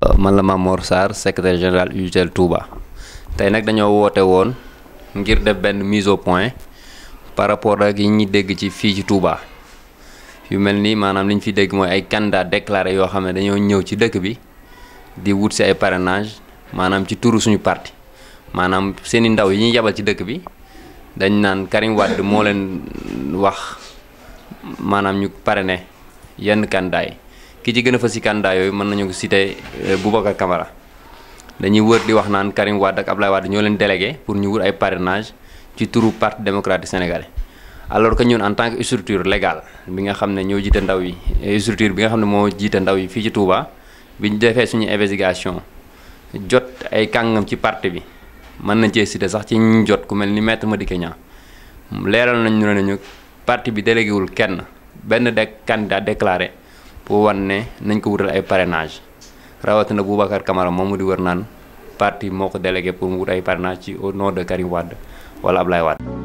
Euh, man la Mamor Sarr secrétaire général UGTEL Touba tey nag dañoo woote woon ngir def benn mise au point par rapport ak yi ñuy dégg ci fii ci Touba yu mel nii maanaam li ñu fi dégg mooy ay candidat déclaré yoo xam ne dañoo ñëw ci dëkk bi di wut si ay parrainage maanaam ci turu suñu parti maanaam seeni ndaw yi ñuy yabal ci dëkk bi dañ naan Karim moo leen wax maanaam ñu pare parrainé yenn candidat ki ci gëna fa ci candidat yoy mën nañu ko citer eh, Boubacar Camara dañuy wër di wax naan Karim Wade ak Ablaye Wade ñoo leen délégué pour ñu wër ay parrainage ci turu Parti démocratique sénégalais alors que ñun en tant que structure légale bi nga xam ne ñoo jiite ndaw yi eh, structure bi nga xam ne moo jiite ndaw yi fii ci Touba bi ñu suñu investigation jot ay kàngam ci parti bi mën nañ cee citer sax ci ñu jot ku mel ni maître Madické Niang leeral nañ ñu ne ñu parti bi délégué wul kenn benn de candidat déclaré pour wan ne nañ ko wutal ay parrainage rawatina Boubacar Camara moom mu di wër naan parti moo ko délégué pour mu wut ay parrainage ci au nom de Karim Wade wala Ablaye Wade